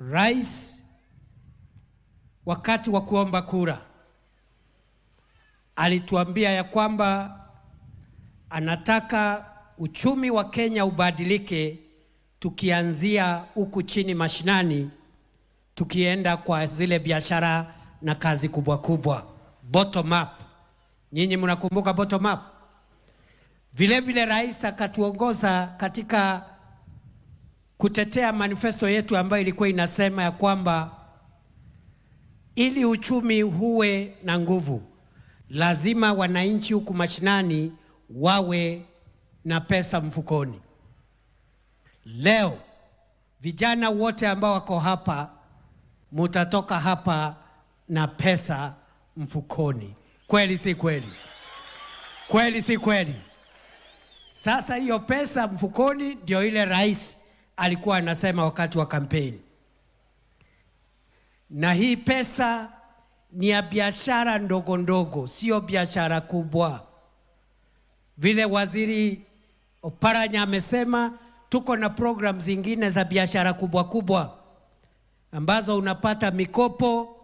Rais wakati wa kuomba kura alituambia ya kwamba anataka uchumi wa Kenya ubadilike, tukianzia huku chini mashinani, tukienda kwa zile biashara na kazi kubwa kubwa, bottom up. Nyinyi mnakumbuka bottom up? Vile vile rais akatuongoza katika kutetea manifesto yetu ambayo ilikuwa inasema ya kwamba ili uchumi huwe na nguvu, lazima wananchi huku mashinani wawe na pesa mfukoni. Leo vijana wote ambao wako hapa mutatoka hapa na pesa mfukoni. Kweli si kweli? Kweli si kweli? Sasa hiyo pesa mfukoni ndio ile rais alikuwa anasema wakati wa kampeni. Na hii pesa ni ya biashara ndogo ndogo, sio biashara kubwa. Vile waziri Oparanya amesema, tuko na programu zingine za biashara kubwa kubwa ambazo unapata mikopo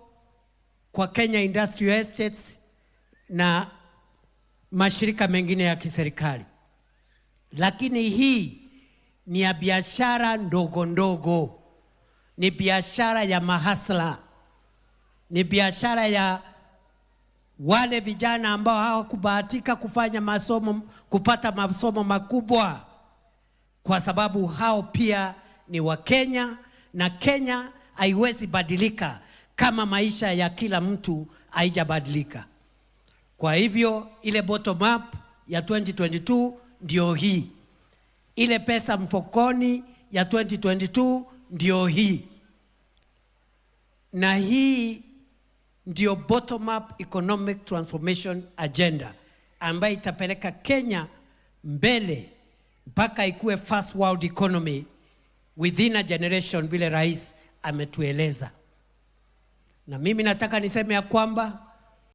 kwa Kenya Industrial Estates na mashirika mengine ya kiserikali, lakini hii ni ya biashara ndogo ndogo, ni biashara ya mahasla, ni biashara ya wale vijana ambao hawakubahatika kufanya masomo, kupata masomo makubwa, kwa sababu hao pia ni Wakenya na Kenya haiwezi badilika kama maisha ya kila mtu haijabadilika. Kwa hivyo ile bottom up ya 2022 ndio hii ile pesa mfukoni ya 2022 ndio hii, na hii ndio bottom up economic transformation agenda ambayo itapeleka Kenya mbele mpaka ikuwe first world economy within a generation, vile rais ametueleza. Na mimi nataka niseme ya kwamba